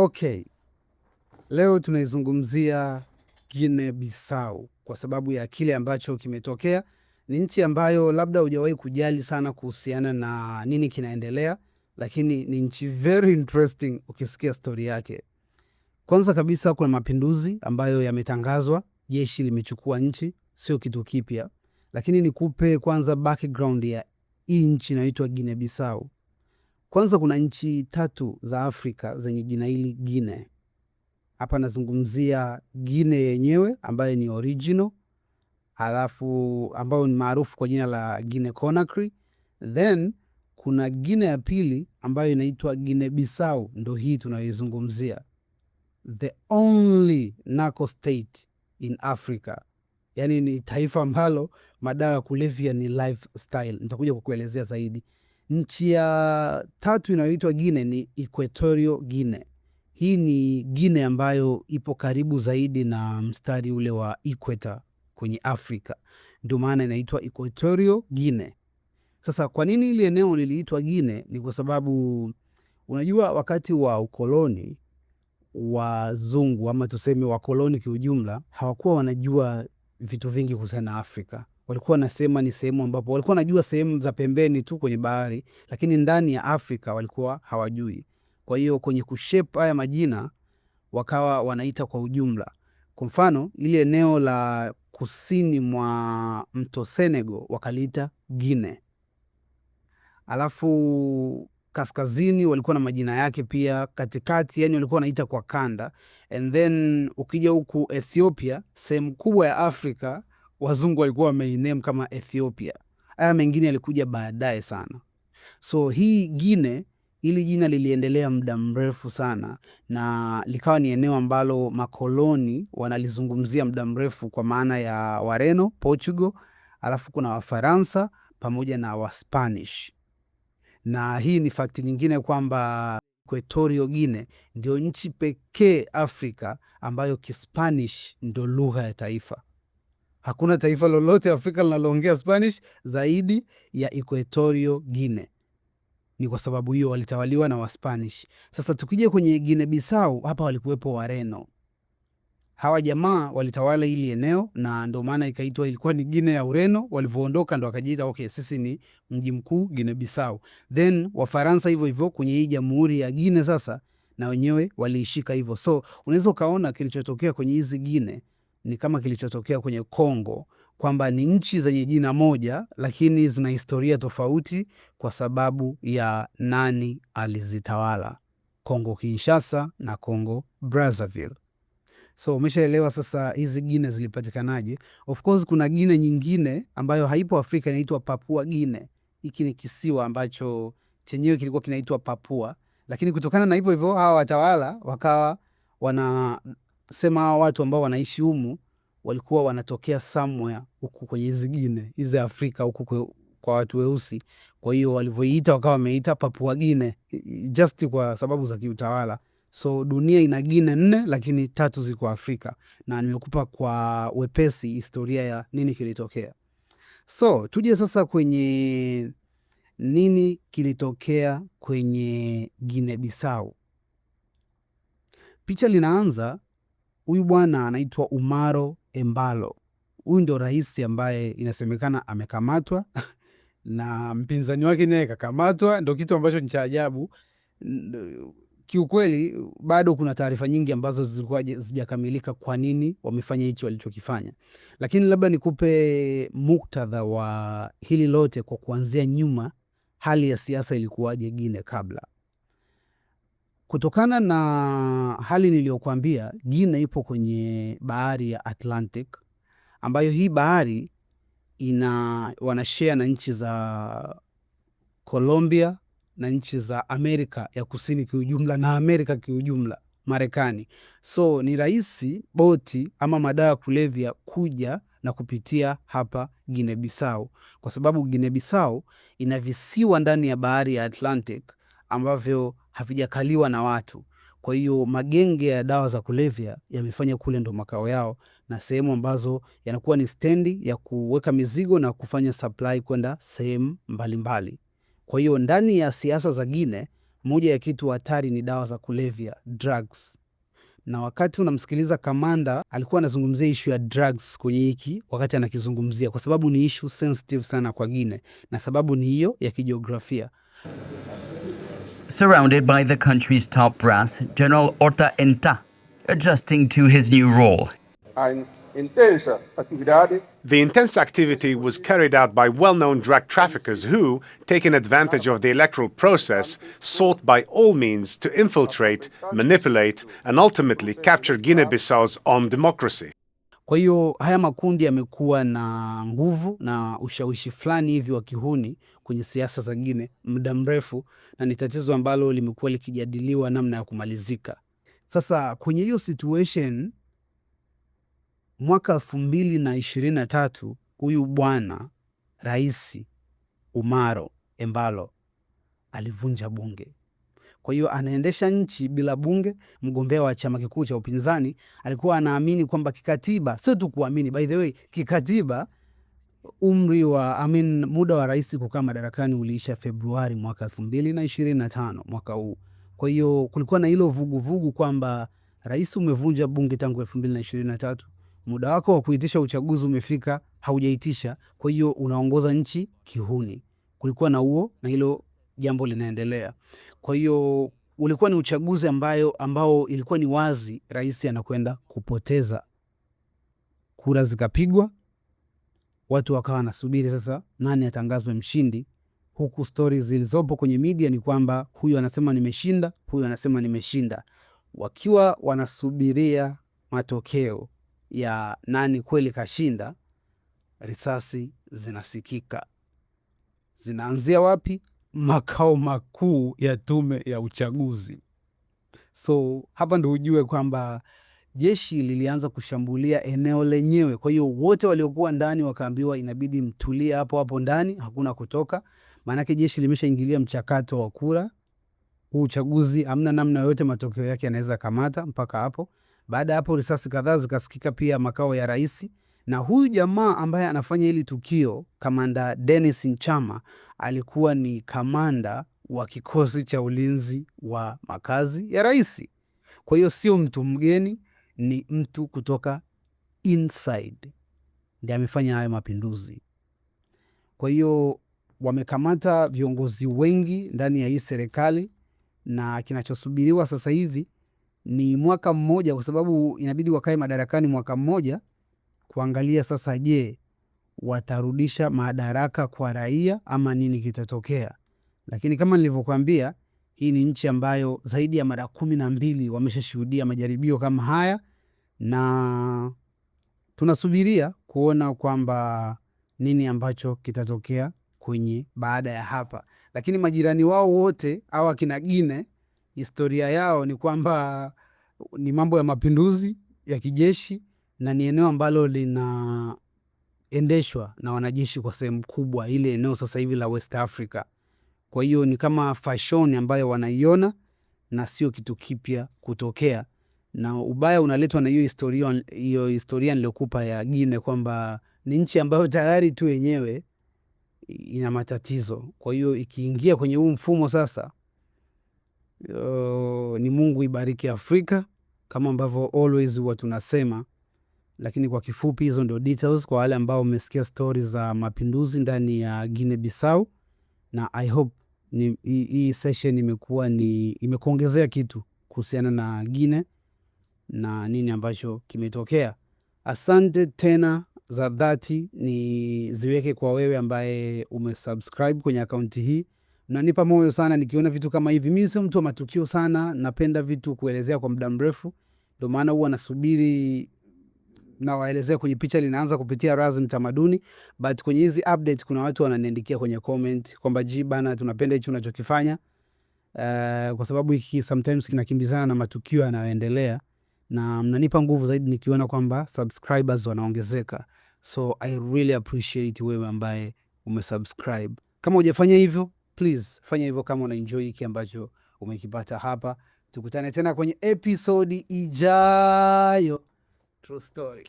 Okay, leo tunaizungumzia Guinea Bissau kwa sababu ya kile ambacho kimetokea. Ni nchi ambayo labda hujawahi kujali sana kuhusiana na nini kinaendelea, lakini ni nchi very interesting ukisikia stori yake. Kwanza kabisa, kuna mapinduzi ambayo yametangazwa, jeshi limechukua nchi, sio kitu kipya, lakini nikupe kwanza background ya hii nchi inaitwa Guinea Bissau. Kwanza kuna nchi tatu za Afrika zenye jina hili guine Hapa nazungumzia guine yenyewe ambayo ni original, halafu ambayo ni maarufu kwa jina la guine Conakry, then kuna guine ya pili ambayo inaitwa guine Bissau, ndo hii tunayoizungumzia, the only narco state in Africa. Yaani ni taifa ambalo madawa ya kulevya ni lifestyle. Nitakuja kukuelezea zaidi. Nchi ya tatu inayoitwa Guine ni Equatorio Guine. Hii ni Guine ambayo ipo karibu zaidi na mstari ule wa equator kwenye Afrika, ndio maana inaitwa Equatorio Guine. Sasa kwa nini hili eneo liliitwa Guine? Ni kwa sababu unajua, wakati wa ukoloni wazungu ama tuseme wakoloni kiujumla hawakuwa wanajua vitu vingi kuhusiana na Afrika walikuwa wanasema ni sehemu ambapo walikuwa wanajua sehemu za pembeni tu kwenye bahari, lakini ndani ya Afrika walikuwa hawajui. Kwa hiyo kwenye kushape haya majina wakawa wanaita kwa ujumla. Kwa mfano ile eneo la kusini mwa mto Senegal wakaliita Guinea, alafu kaskazini walikuwa na majina yake pia, katikati, yani walikuwa wanaita kwa kanda, and then ukija huku Ethiopia, sehemu kubwa ya Afrika wazungu walikuwa wameiname kama Ethiopia. Haya mengine yalikuja baadaye sana. So hii Gine, hili jina liliendelea muda mrefu sana, na likawa ni eneo ambalo makoloni wanalizungumzia muda mrefu, kwa maana ya Wareno, Portugal, alafu kuna Wafaransa pamoja na Waspanish. Na hii ni fakti nyingine kwamba Equatorio Guine ndio nchi pekee Afrika ambayo Kispanish ndo lugha ya taifa. Hakuna taifa lolote Afrika linaloongea Spanish zaidi ya Equatorio Guine. Ni kwa sababu hiyo walitawaliwa na Waspanish. Sasa tukija kwenye Guine Bisau, hapa walikuwepo Wareno. Hawa jamaa walitawala hili eneo na ndio maana ikaitwa, ilikuwa ni Guine ya Ureno. Walivyoondoka ndo wakajiita okay, sisi ni mji mkuu Guine Bisau. Then Wafaransa hivyo hivyo kwenye hii jamhuri ya Guine sasa na wenyewe waliishika hivyo. So unaweza ukaona kilichotokea kwenye hizi Guine ni kama kilichotokea kwenye Kongo kwamba ni nchi zenye jina moja lakini zina historia tofauti kwa sababu ya nani alizitawala, Kongo Kinshasa na Kongo Brazzaville. So umeshaelewa sasa hizi Gine zilipatikanaje. Of course kuna Gine nyingine ambayo haipo Afrika inaitwa Papua Gine. Hiki ni kisiwa ambacho chenyewe kilikuwa kinaitwa Papua, lakini kutokana na hivyo hivyo hawa watawala wakawa wana sema hawa watu ambao wanaishi humu walikuwa wanatokea somewhere huku kwenye hizi Gine hizi Afrika huku kwe, kwa watu weusi. Kwa hiyo walivyoiita wakawa wameita Papua Gine just kwa sababu za kiutawala. So dunia ina Gine nne lakini tatu ziko Afrika, na nimekupa kwa wepesi historia ya nini kilitokea. So tuje sasa kwenye nini kilitokea kwenye Gine Bisau. Picha linaanza Huyu bwana anaitwa Umaro Embalo. Huyu ndo rais ambaye inasemekana amekamatwa na mpinzani wake naye kakamatwa, ndo kitu ambacho ni cha ajabu kiukweli. Bado kuna taarifa nyingi ambazo zilikuwa zijakamilika, kwa nini wamefanya hichi walichokifanya, lakini labda nikupe muktadha wa hili lote kwa kuanzia nyuma, hali ya siasa ilikuwaje Gine kabla Kutokana na hali niliyokuambia, Gina ipo kwenye bahari ya Atlantic, ambayo hii bahari ina wanashea na nchi za Colombia na nchi za Amerika ya Kusini kiujumla na Amerika kiujumla, Marekani. So ni rahisi boti ama madawa ya kulevya kuja na kupitia hapa Guinea Bissau, kwa sababu Guinea Bissau ina visiwa ndani ya bahari ya Atlantic ambavyo havijakaliwa na watu. Kwa hiyo magenge ya dawa za kulevya yamefanya kule ndo makao yao na sehemu ambazo yanakuwa ni stendi ya kuweka mizigo na kufanya supply kwenda sehemu mbalimbali. Kwa hiyo ndani ya siasa za Guinea, moja ya kitu hatari ni dawa za kulevya drugs. Na wakati unamsikiliza kamanda, alikuwa anazungumzia ishu ya drugs kwenye hiki, wakati anakizungumzia, kwa sababu ni ishu sensitive sana kwa Guinea, na sababu ni hiyo ya kijiografia. surrounded by the country's top brass, General Orta Enta, adjusting to his new role. The intense activity was carried out by well known drug traffickers who, taking advantage of the electoral process, sought by all means to infiltrate, manipulate, and ultimately capture Guinea Bissau's own democracy. Kwa hiyo haya makundi yamekuwa na nguvu na ushawishi fulani hivi wa kihuni kwenye siasa za Guinea muda mrefu, na ni tatizo ambalo limekuwa likijadiliwa namna ya kumalizika. Sasa kwenye hiyo situation, mwaka elfu mbili na ishirini na tatu huyu bwana raisi Umaro Embalo alivunja bunge kwa hiyo anaendesha nchi bila bunge. Mgombea wa chama kikuu cha upinzani alikuwa anaamini kwamba kikatiba, sio tu kuamini, by the way, kikatiba umri wa I amin, muda wa rais kukaa madarakani uliisha Februari mwaka elfu mbili na ishirini na tano mwaka huu. Kwa hiyo kulikuwa na hilo vuguvugu kwamba rais, umevunja bunge tangu elfu mbili na ishirini na tatu muda wako wa kuitisha uchaguzi umefika, haujaitisha. Kwa hiyo unaongoza nchi kihuni. Kulikuwa na huo na hilo jambo linaendelea. Kwa hiyo ulikuwa ni uchaguzi ambayo, ambao ilikuwa ni wazi rais anakwenda kupoteza. Kura zikapigwa, watu wakawa wanasubiri sasa nani atangazwe mshindi, huku stori zilizopo kwenye media ni kwamba huyu anasema nimeshinda, huyu anasema nimeshinda, wakiwa wanasubiria matokeo ya nani kweli kashinda. Risasi zinasikika, zinaanzia wapi? makao makuu ya tume ya uchaguzi. So hapa ndo ujue kwamba jeshi lilianza kushambulia eneo lenyewe. Kwa hiyo wote waliokuwa ndani wakaambiwa inabidi mtulie hapo hapo ndani, hakuna kutoka, maanake jeshi limeshaingilia mchakato wa kura. Huu uchaguzi hamna namna yoyote, matokeo yake yanaweza kamata mpaka hapo. Baada ya hapo, risasi kadhaa zikasikika pia makao ya rais, na huyu jamaa ambaye anafanya hili tukio, kamanda Dennis Nchama alikuwa ni kamanda wa kikosi cha ulinzi wa makazi ya rais. Kwa hiyo sio mtu mgeni, ni mtu kutoka inside ndiye amefanya hayo mapinduzi. Kwa hiyo wamekamata viongozi wengi ndani ya hii serikali, na kinachosubiriwa sasa hivi ni mwaka mmoja, kwa sababu inabidi wakae madarakani mwaka mmoja, kuangalia sasa, je, watarudisha madaraka kwa raia ama nini kitatokea. Lakini kama nilivyokuambia, hii ni nchi ambayo zaidi ya mara kumi na mbili wameshashuhudia majaribio kama haya, na tunasubiria kuona kwamba nini ambacho kitatokea kwenye baada ya hapa. Lakini majirani wao wote au akina Gine, historia yao ni kwamba ni mambo ya mapinduzi ya kijeshi na ni eneo ambalo lina endeshwa na wanajeshi kwa sehemu kubwa, ile eneo sasa hivi la West Africa. Kwa hiyo ni kama fashion ambayo wanaiona na sio kitu kipya kutokea, na ubaya unaletwa na hiyo historia, hiyo historia nilokupa ya Gine kwamba ni nchi ambayo tayari tu yenyewe ina matatizo. Kwa hiyo ikiingia kwenye huu mfumo sasa, uh, ni Mungu ibariki Afrika kama ambavyo always huwa tunasema lakini kwa kifupi hizo ndio details kwa wale ambao umesikia stori za mapinduzi ndani ya Guinea Bissau, na I hope ni, hii session imekuwa ni imekuongezea kitu kuhusiana na Guinea na nini ambacho kimetokea. Asante tena za dhati ni ziweke kwa wewe ambaye umesubscribe kwenye akaunti hii. Nanipa moyo sana nikiona vitu kama hivi. Mimi sio mtu wa matukio sana, napenda vitu kuelezea kwa muda mrefu, ndio maana huwa nasubiri nawaelezea kwenye picha linaanza kupitia Razz Mtamaduni, but kwenye hizi update kuna watu wananiandikia kwenye comment kwamba ji bana, tunapenda hichi unachokifanya uh, kwa sababu hiki sometimes kinakimbizana na matukio yanayoendelea na mnanipa nguvu zaidi nikiona kwamba subscribers wanaongezeka, so I really appreciate wewe ambaye umesubscribe. Kama hujafanya hivyo, please fanya hivyo kama unaenjoy hiki ambacho umekipata hapa. Tukutane tena kwenye episodi ijayo. True story.